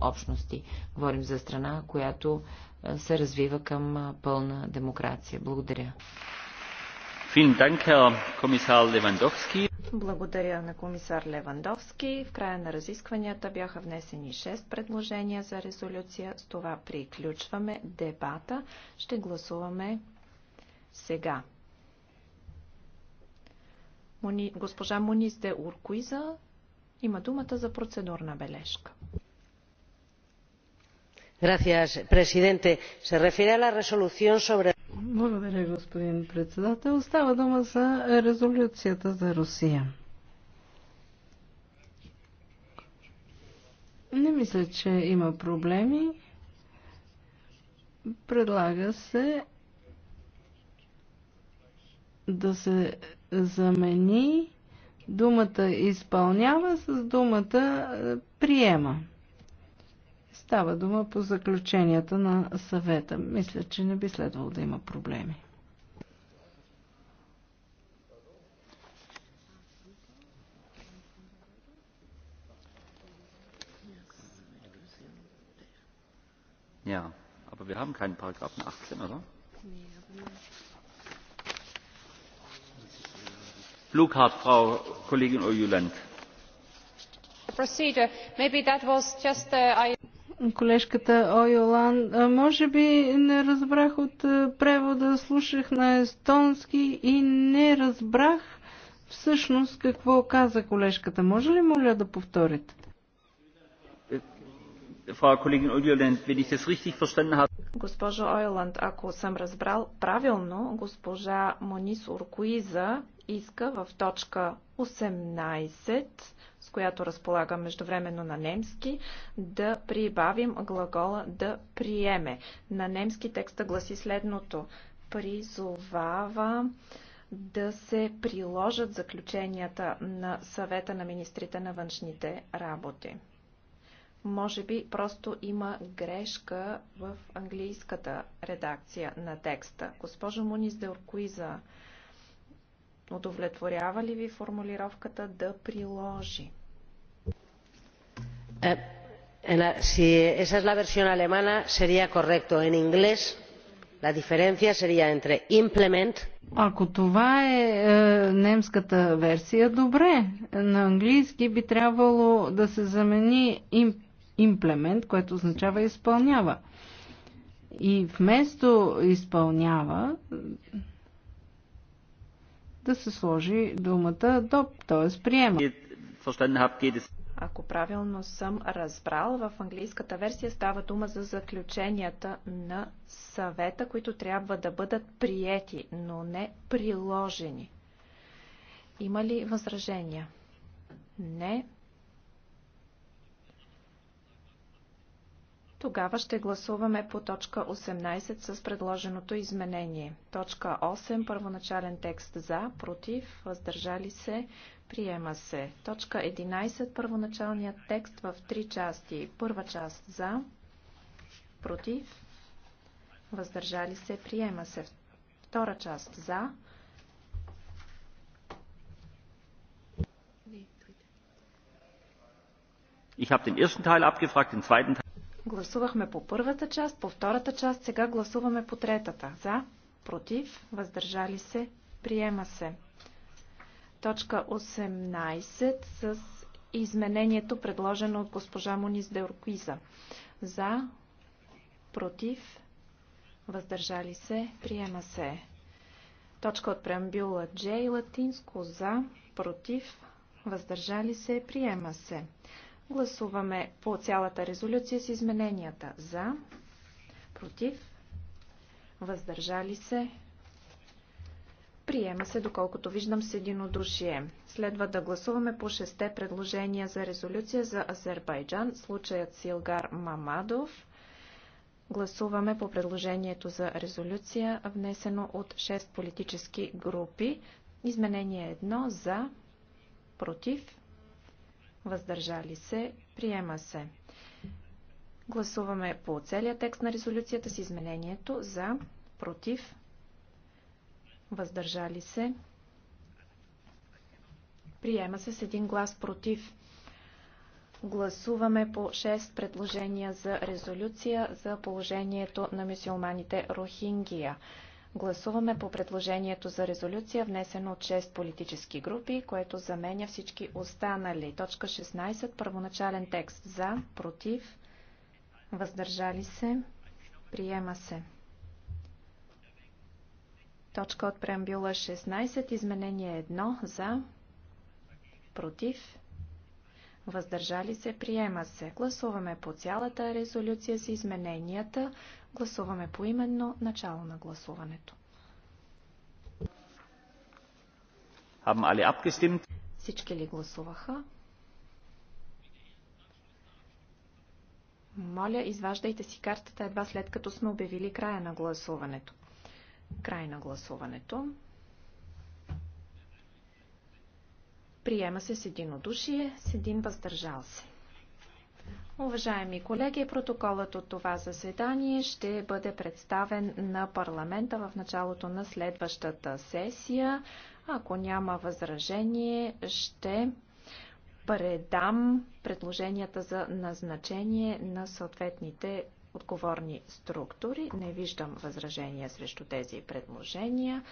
общности. Говорим за страна, която се развива към пълна демокрация. Благодаря. Благодаря на комисар Левандовски. В края на разискванията бяха внесени 6 предложения за резолюция. С това приключваме дебата. Ще гласуваме сега. Госпожа Мунис де Уркуиза има думата за процедурна бележка señor presidente se refiere a la resolución sobre. Благодаря, господин председател. Става дума за резолюцията за Русия. Не мисля, че има проблеми. Предлага се да се замени думата изпълнява с думата е, приема. Става дума по заключенията на съвета. Мисля, че не би следвало да има проблеми. Ja, aber wir haben keinen Paragraphen 18, oder? Blue Card, Frau Kollegin Ojuland. Procedure. Maybe that was just uh, I колежката Ойолан. Може би не разбрах от превода, слушах на естонски и не разбрах всъщност какво каза колежката. Може ли моля да повторите? Е, Госпожо Ойланд, ако съм разбрал правилно, госпожа Монис Уркуиза иска в точка 18, с която разполагам междувременно на немски, да прибавим глагола да приеме. На немски текста гласи следното. Призовава да се приложат заключенията на съвета на министрите на външните работи. Може би просто има грешка в английската редакция на текста. Госпожо Мунис Деоркуиза, Удовлетворява ли ви формулировката да приложи? si е, esa es la versión alemana sería correcto. En inglés la diferencia sería entre implement ако това е, е немската версия, добре. На английски би трябвало да се замени им, имплемент, което означава изпълнява. И вместо изпълнява, да се сложи думата ДОП, т.е. приема. Ако правилно съм разбрал, в английската версия става дума за заключенията на съвета, които трябва да бъдат приети, но не приложени. Има ли възражения? Не. Тогава ще гласуваме по точка 18 с предложеното изменение. Точка 8, първоначален текст за, против, въздържали се, приема се. Точка 11, първоначалният текст в три части. Първа част за, против, въздържали се, приема се. Втора част за, ich habe den ersten teil abgefragt den zweiten teil Гласувахме по първата част, по втората част, сега гласуваме по третата. За, против, въздържали се, приема се. Точка 18 с изменението, предложено от госпожа Монис Деоркуиза. За, против, въздържали се, приема се. Точка от преамбюла J латинско за, против, въздържали се, приема се. Гласуваме по цялата резолюция с измененията за, против, въздържали се, Приема се, доколкото виждам, с единодушие. Следва да гласуваме по шесте предложения за резолюция за Азербайджан, случаят Силгар Мамадов. Гласуваме по предложението за резолюция, внесено от 6 политически групи. Изменение 1 за, против, въздържали се, приема се. Гласуваме по целия текст на резолюцията с изменението за, против, въздържали се, приема се с един глас против. Гласуваме по 6 предложения за резолюция за положението на мисюлманите Рохингия. Гласуваме по предложението за резолюция, внесено от 6 политически групи, което заменя всички останали. Точка 16, първоначален текст. За, против, въздържали се, приема се. Точка от преамбюла 16, изменение 1, за, против, въздържали се, приема се. Гласуваме по цялата резолюция с измененията. Гласуваме по именно начало на гласуването. Всички ли гласуваха? Моля, изваждайте си картата едва след като сме обявили края на гласуването. Край на гласуването. Приема се с единодушие, с един въздържал се. Уважаеми колеги, протоколът от това заседание ще бъде представен на парламента в началото на следващата сесия. Ако няма възражение, ще предам предложенията за назначение на съответните отговорни структури. Не виждам възражения срещу тези предложения.